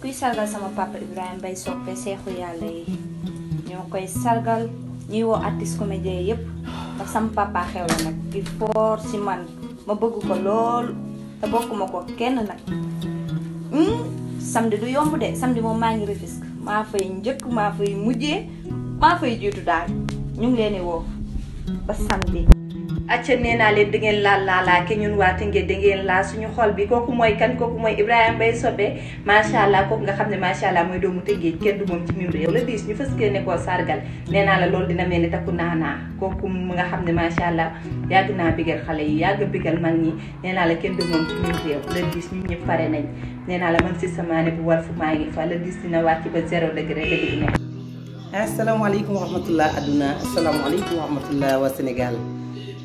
kui sargal sama papa Ibrahim Bay soppe seexu yàlla yi ñoo koy sargal ñi wo artiste comédien yépp ndax sama papa xewla nak nag di fort man ma bëgg ko lool ta bokkuma ko kenn hmm samedi du yomb de samedi mo ma ngi Rufisque ma fay ñëk ma fay mujjé ma fay jitu daal ñu ngi leen wo ba samedi acca nee naa leen di ngeen laal laalaake ñun waa Tëngéej di ngeen laal suñu xol bi kooku mooy kan kooku mooy Ibrahima Mbaye Sobé macha allah kooku nga xam ne macha allah mooy doomu Tëngéej kenn du moom ci mim réew la diis ñu fas yéene dina mel ni takku naanaa kooku mu nga xam ne macha allah yàgg naa bigal xale yi yàgg bigal mag ñi naa kenn du moom ci ñëpp pare nañ nee naa la man si samaane bu wal fu maa ngi fa la diis dina wàcc ba zéro degré dëgg ne asalaamaaleykum wa adduna asalaamaaleykum wa rahmatullah wa Sénégal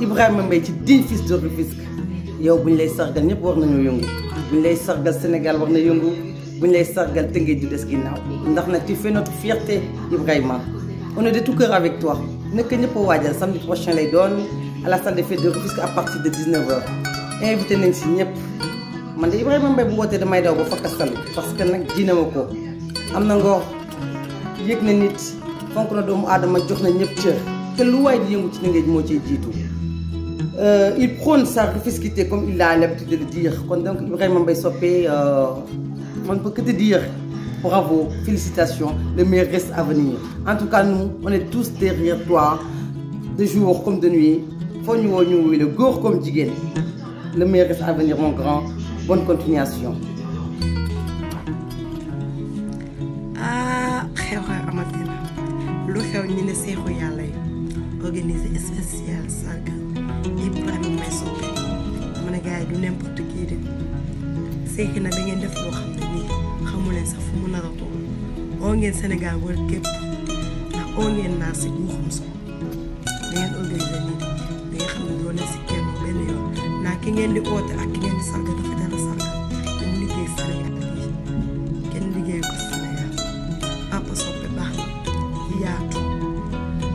Ibrahima Mbaye ci digne fils de Rufisque yow buñ lay sargal ñep war nañu yëngu buñ lay sargal Sénégal war na yëngu buñ lay sargal Tëngéej du dess ginnaw ndax nak tu fais notre fierté Ibrahima on est de tout cœur avec toi nek ñep a waajal samedi prochain lay doon à la salle des fêtes de Rufisque à partir de 19h invité nañ si ñep man de Ibrahima Mbaye bu wootee damay daw ba fakkastal parce que nag ji na amna ngo yek na nit fonk na doomu aadama jox na ñep cër te lu waay di yëngu ci Tëngéej mo ci jiitu. Euh, il prône sa confiscité comme il a l'habitude de le dire. Donc, Ibrahim Mbaye Sopé, euh, on ne peut que te dire bravo, félicitations, le meilleur reste à venir. En tout cas, nous, on est tous derrière toi, de jour comme de nuit. Faut nous, le gour comme Digen. Le meilleur reste à venir, mon grand. Bonne continuation. Ah, Amadina. organisé spécial, ñëpp daal moom may soppe dama du n'importe kii de seexi na da ngeen def loo xam ne nii xamu sax fu mu nar a toog oo ngeen Sénégal war ndax oo naa si guuxum so da ngeen di oote ak ki ngeen di sarga dafa dara liggéey Sénégal bi kenn liggéey ko Sénégal yaatu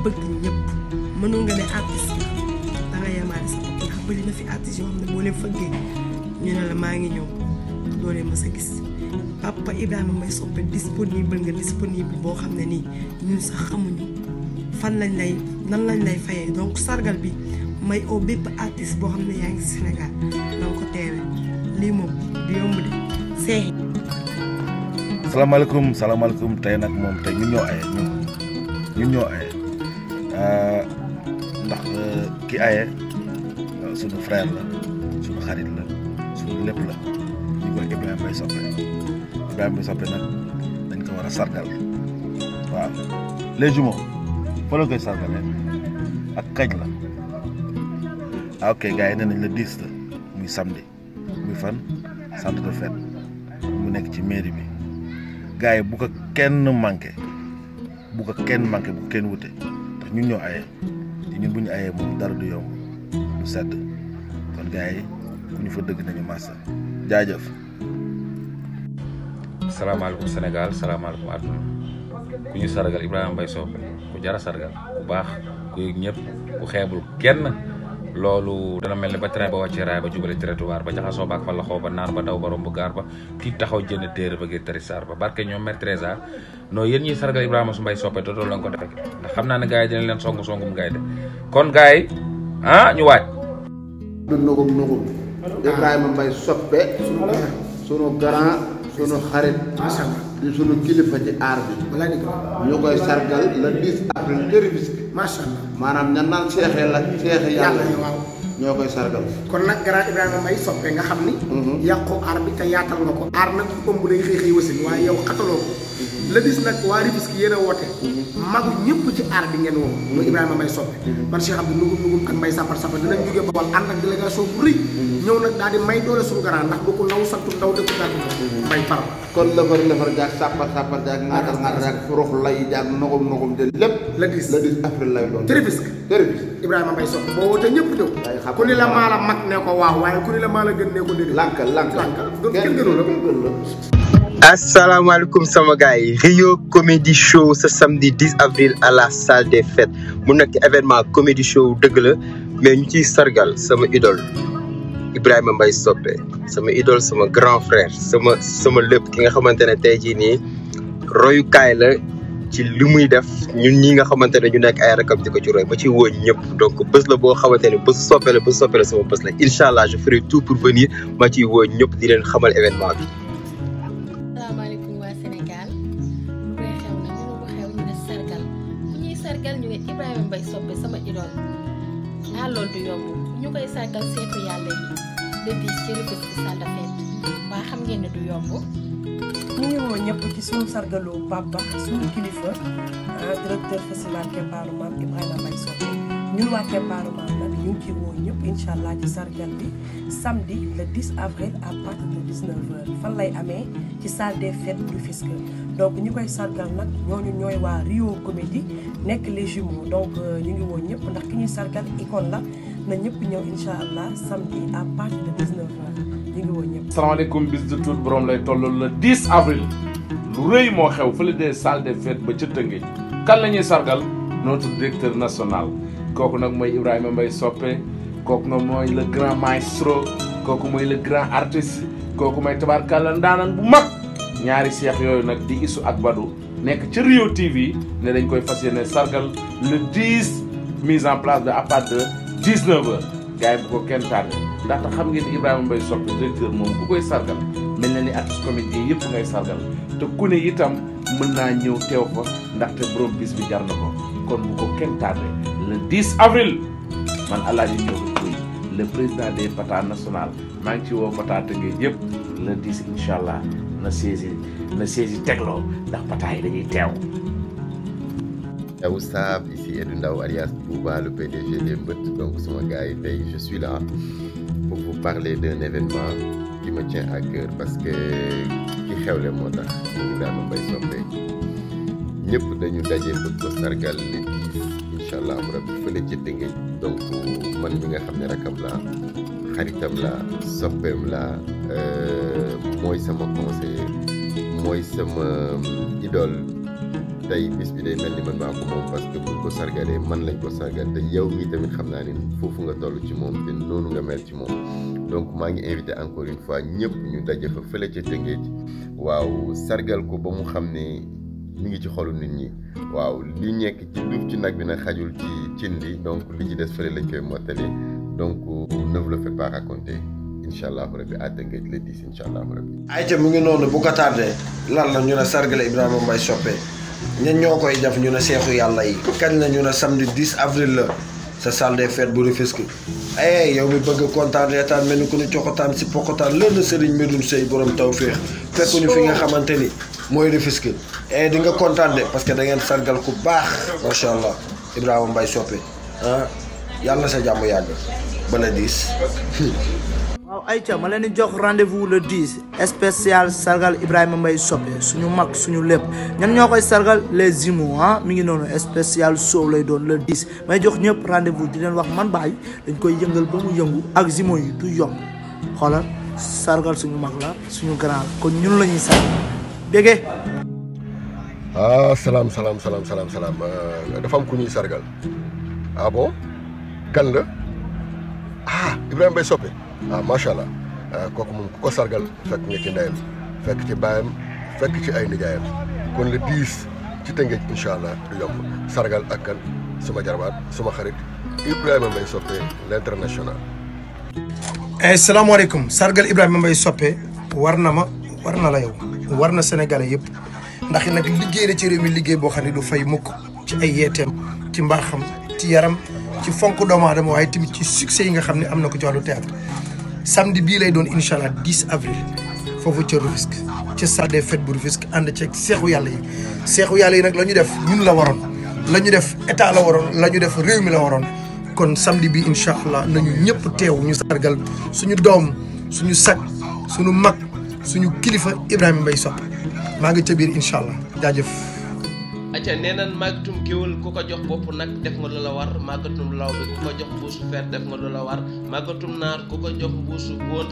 bëgg ñëpp mënul nga ne artiste bari na fi artistes yoo xamne ne boo leen fëggee ñu na la maa ngi ñëw leen ma sa gis papa Ibrahima may soppé disponible nga disponible bo xamne ni nii ñun sax xamuñu fan lañ lay nan lañ lay fayé donc sargal bi may o bép artiste bo xamne yaangi yaa Sénégal na ko téwé li mom du yomb de seex. salaamaaleykum salaamaaleykum tay ah, nak mom tay ñu ñoo ay ñu ñoo ay aye ndax ki ayé sunu frère la sunu xarit la sunu lépp la ñu koy Ibrahima Mbaye Sopé Ibrahima Mbaye Sopé nag dañ ko war sargal waaw les jumeaux fa la koy sargalee ya. ak kañ la ok gars yi nee nañ le 10 la muy samedi muy fan centre de fête mu nek ci mairie bi gaay bu ko kenn manqué bu ko kenn manqué bu kenn wuté ñun ñoo ayé ñun buñu ayé ayee dara du yow lu sedd kon gars yi ku ñu fa dëgg nañu massa jaajëf salaamaaleykum Sénégal salaamaaleykum àdduna ku ñu sargal ibrahim Mbaye Sopé ku jara sargal ku baax ku yëg ñëpp ku xeebul kenn loolu dana mel ne ba train ba wàcce raay ba jubale territoire ba jaxasoo baak fa la xoo ba naan ba daw ba romb gaar ba tiit taxaw jënd téere ba ngir tari ba barke sargal ibrahim su Mbaye Sopé dootoo la ko defee ndax xam naa ne songu songum de kon ah ñu du nugum nugum Ibrahima Mbaye soppe sunu grand sunu xarit di sunu kilifa ci aar bi ñu koy sargal le 10 avril jërëjëf macha allah maanaam ñan naan seexee la seexe yàlla ñoo koy sargal kon nag grand Ibrahima Mbaye soppe nga xam ni mhm. yàqu aar bi te yaatal nga ko aar nag ko day xëy xëy wasin waaye yow xataloo ko le dis nag waa Rufisque yéen a woote mhm. magu ñëpp ci aar bi ngeen woo mooy Ibrahima Mbaye Soppe mhm. man Cheikh Abdou nugum nugum ak Mbaye Sapar Sapar dinañ jógee Bawol ànd ak délégation bu rëy mhm. ñëw nag daal di may doole suñu garaan ndax bu ko naw santu ndaw dëkk daal mbay par kon lëfar lëfar ni la maa la mag ne ko waaw waaye ku ni la maa la gën ne ko déedéet lànkal lànkal lànkal kenn gënu la asalaamaaleykum sama gars Rio Comedy Show ce samedi 10 avril à la salle des fêtes Mon événement Comedy Show deugle mais ñu ci sargal sama idole Ibrahim Mbaye Sopé sama idole sama grand frère sama sama lepp ki nga xamantene ne tey jii nii royukaay la ci limuy def ñun ñi nga xamantene ñu nekk ay rakam di ko ci roy ba ci woo ñep donc bëss la bo xamantene bëss bés soppe la bés soppe la sama bés la je ferai tout pour venir ma ci woo ñep di leen xamal événement bi. loolu du yomb ñu koy sàggal seetu yàlla yi depuis service de salle ñëpp ci suñu sargalu Bamba suñu kilifa ah, directeur festival Keparu Maam ñëpp incha allah ci sargal bi samedi le 10 avril à partir de 19 fan lay amee ci salle des fêtes du Rufisque. donc ñi koy sargal nag ñooñu ñooy waa Rio Comédie nekk les jumeaux donc euh, ñu ngi woon ñëpp ndax ki ñuy sargal icône la na ñëpp ñëw incha allah samedi à partir de 19h ñu ngi woon ñëpp. asalaamaaleykum bis de tout borom lay tollal la 10 avril lu rëy moo xew fële des salles des fêtes ba ca Tëngéej kan la ñuy sargal notre directeur national kooku nag mooy Ibrahima mbay Soppe kooku nag mooy le grand maestro kooku mooy le grand artiste kooku mooy tabaarkàlla ndaanan bu ñaari seex yooyu nag di Isu ak Badou nekk ci Rio TV ne dañ koy fas yéene sargal le 10 mise en place de à partir de 19h gars yi bu ko kenn tardé ndaxte xam ngeen Ibrahima Mbaye Sopé directeur moom bu koy sargal mel na ni artiste comédien yëpp ngay sargal te ku ne itam mën naa ñëw teew fa ndaxte borom bis bi jar na ko kon bu ko kenn tardé le 10 avril man Alaaji Ndiogou Pouye le président des Patas national maa ngi ci woo Patas Tëngéej yëpp. le 10 incha na saisi na saisi tegloo ndax bataay dañuy tew Ciao Sab, ici Edou Ndao alias Bouba, le PDG des Meutes. Donc, c'est mon gars, je suis là pour vous parler d'un événement qui me tient à cœur parce que qui xew le moo tax ñu daanu mbay soppe ñëpp dañu dajé bu ko sargal le 10 incha allah mu rabbi fële ci Tëngéej donc man mi nga xamné rakam la xaritam la soppeem la euh, mooy sama conseiller mooy sama euh, idole tey bis bi day mel ni man maa ko moom parce que buñ ko sargalee man lañ ko sargal te yow mii tamit xam naa ne foofu nga toll ci moom te noonu nga mel ci moom donc maa ngi invité encore une fois ñëpp ñu daje fa fële ca Tëngéej waaw sargal ko ba mu xam ni mi ngi ci xolu nit ñi waaw li nekk ci ci nag bi nag xajul ci cin li donc li ci des fële lañ koy mottali donc ne vous le faites pas raconter incha allah rabbi à Tëngéej le 10 incha allah rabbi. ayca mu ngi noonu bu ko tardé lan la ñu ne sargale Ibrahima Mbaye Sopé ñan ñoo koy def ñu ne seexu yàlla yi kañ la ñu ne samedi 10 avril la sa salle des fêtes bu Rufisque ay eh, yow mi bëgg kontaan reetaan mel ni ku ni coxotaan si pokotaan serigne medoun sey borom tawfiq féex fekku ñu fi nga xamanteni moy mooy Rufisque ay eh, di nga contant de parce que da ngeen sargal ku baax macha allah Ibrahima mbay Sopé hein ah, yalla sa jamm yàgg. bala 10. waaw ayca ma leen di jox rendez-vous le 10 spécial sargal Ibrahima Mbaye Sopé suñu mag suñu lépp ñan ñoo koy sargal les Zimou ah mi ngi noonu spécial soow lay doon le diis may jox ñëpp rendez-vous di leen wax man baay dañ koy yëngal ba mu yëngu ak Zimou yi du yomb xoola sargal suñu mag la suñu grand la kon ñun lañuy ñuy sargal dégg ah salaam salaam salaam salaam salaam euh, dafa am ku ñuy sargal ah bon ah Ibrahima Mbaye ah macha allah ah, kooku moom ku ko sargal fekk nga ci ndeyam fekk ci baayam fekk ci ay nijaayam kon le 10 ci tëngeej incha allah du yomb sargal ak suma jarbaat suma xarit Ibrahima Mbaye Sopé l'international. Eh, salaamaaleykum sargal Ibrahima Mbaye Sopé war na ma war na la yow war na sénégalais yëpp ndax nag liggéey la ci réew mi liggéey boo xam ne du fay mukk ci ay yeeteem ci mbaaxam ci yaram. ci fonk doomu aadama waaye tamit ci succès yi nga xam ne am na ko ci wàllu théâtre samedi bii lay doon incha allah 10 avril foofu ca Rufisque ci salle des fêtes bu Rufisque ànd ceeg seexu yàlla yi seexu yàlla yi nag la ñu def ñun la waroon la ñu def état la waroon la ñu def réew mi la waroon kon samedi bi incha allah nañu ñëpp teew ñu sargal suñu doom suñu sag suñu mag suñu kilifa Ibrahima mbay Sop maa ngi ca biir incha allah jaajëf acca nenan nan màggatum géwal ku ko jox bopp nag def nga lu la war màggatum law bi ku ko jox mbuusu fer def nga lu la war màggatum naar ku ko jox mbuusu góon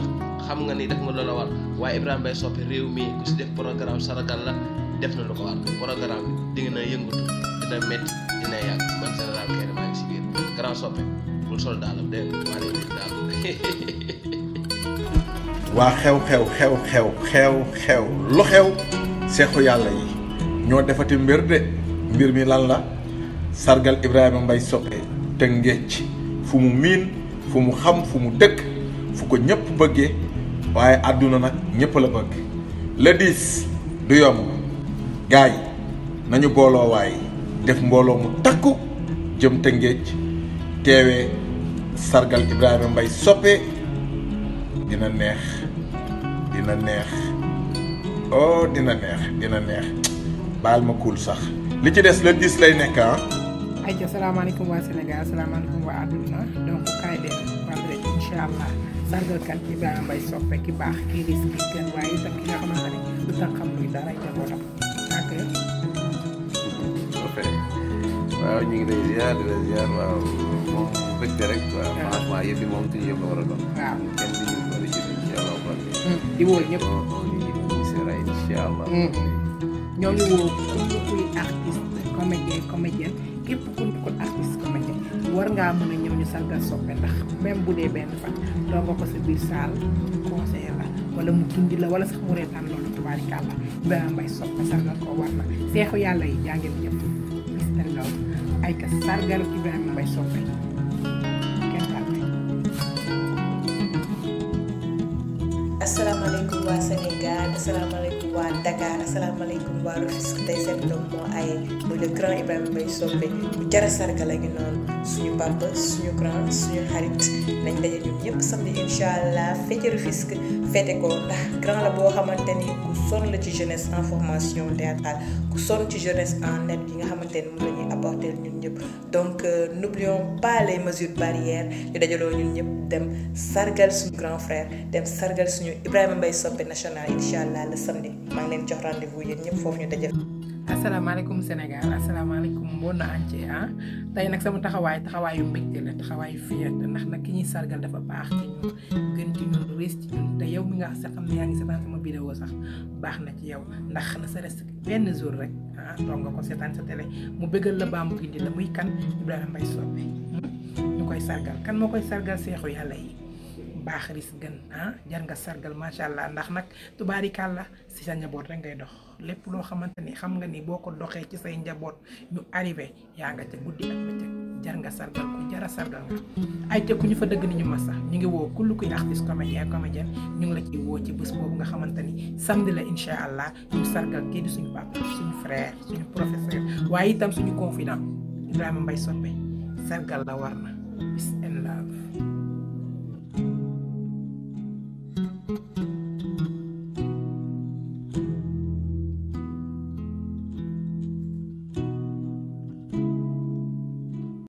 xam nga ni def nga lu la war waaye ibrahim bay soppi réew mi ku si def programme saragal la def na lu ko war programme bi di na yëngatu dina metti dina yàgg man général kay maa ngi si biir grand soppi bul sol daalam de maa ngi daal waa xew xew xew xew xew xew lu xew seexu yàlla yi ñoo defati mbir de mbir mi lan la sargal Ibrahima mbay Sopé te ngeecc fu mu miin fu mu xam fu mu dëkk fu ko ñëpp bëggee waaye àdduna nag ñëpp la bëgg le dix du yomb gaay nañu booloo waay def mbooloo mu takku jëm te ngeecc teewee sargal Ibrahima Mbaye Sopé dina neex dina neex oh dina neex dina neex bal ma sax li ci dess le 10 lay ay assalamu alaykum wa senegal assalamu alaykum wa aduna donc kaay dem vendredi allah sargalkat bi Ibrahima Mbaye soppe ki bax ki ris ki ken way itam ki nga xamantani du tax xam muy dara njabootam ak. waaw ñu ngi lay ziar di la ziar waaw moom bëgg rek franchement yëpp yi moom suñu yëpp la waaw kenn ñu ci allah. di wóor ñëpp. ñu allah. ñoo ngi woo képp kuy artiste comédien comédien ku nekkul artiste war ngaa mën a ñëw ñu sargal soppe ndax même bu dee benn fan doo nga ko sa biir saal conseiller la wala mu gindi la wala sax mu reetaan loolu tubaarikàlla dana mbay soppe sargal ko war na seexu yàlla yi jaa ngeen jëf gis nañ loolu ay ka sargal Ibrahima Mbaye soppe asalaamaaleykum waa Sénégal asalaamaaleykum waa Dakar asalaamaaleykum waa Rufisque tey seen doom moo aye muy le grand Ibrahima Mbaye bu jara sargal a noonu suñu papa suñu grand suñu xarit nañ daje ñun ñëpp samedi incha allah fekk fete ko ndax grand la boo xamante ni ku sonn la ci jeunesse en formation théâtrale ku sonn ci jeunesse en net bi nga xamante ni moom la ñuy apporter ñun ñëpp donc euh, n'oublions pas les mesures barrières ñu dajaloo ñun ñëpp dem sargal suñu grand frère dem sargal suñu Ibrahima Mbaye Sopé national incha allah le samedi maa ngi leen jox rendez-vous yéen ñëpp foofu ñu dajal. asalaamaaleykum Sénégal na monde ci ah tey nag sama taxawaay taxawaayu mbégte la taxawaayu fierté ndax nag ki ñuy sargal dafa baax ci ñun gën ci ñun yow mi nga sax xam ne yaa ngi seetaan sama vidéo sax baax na ci yow ndax na sa res benn jour rek ah toog nga ko seetaan sa télé mu bëggal la baamu indi la muy kan Ibrahima Mbaye Sopé hmm? ñu koy sargal kan moo koy sargal seexu yàlla yi. bax ris gën ah jar nga sargal macha allah ndax nak tu ci sa njabot rek ngay dox lepp lo xamanteni xam nga ni boko doxé ci say njabot ñu arrivé ya nga ci guddi ak bëccëg jar nga sargal ku jara sargal ay te ku ñu fa dëgg ni ñu massa ñu ngi woo kull kuy artiste comédien comédien ñu ngi la ci wo ci bëss bobu nga xamanteni samedi la incha allah ñu sargal ki di suñu papa suñu frère suñu professeur waye tam suñu confident Ibrahim Mbaye Sobe sargal la warna bis peace and love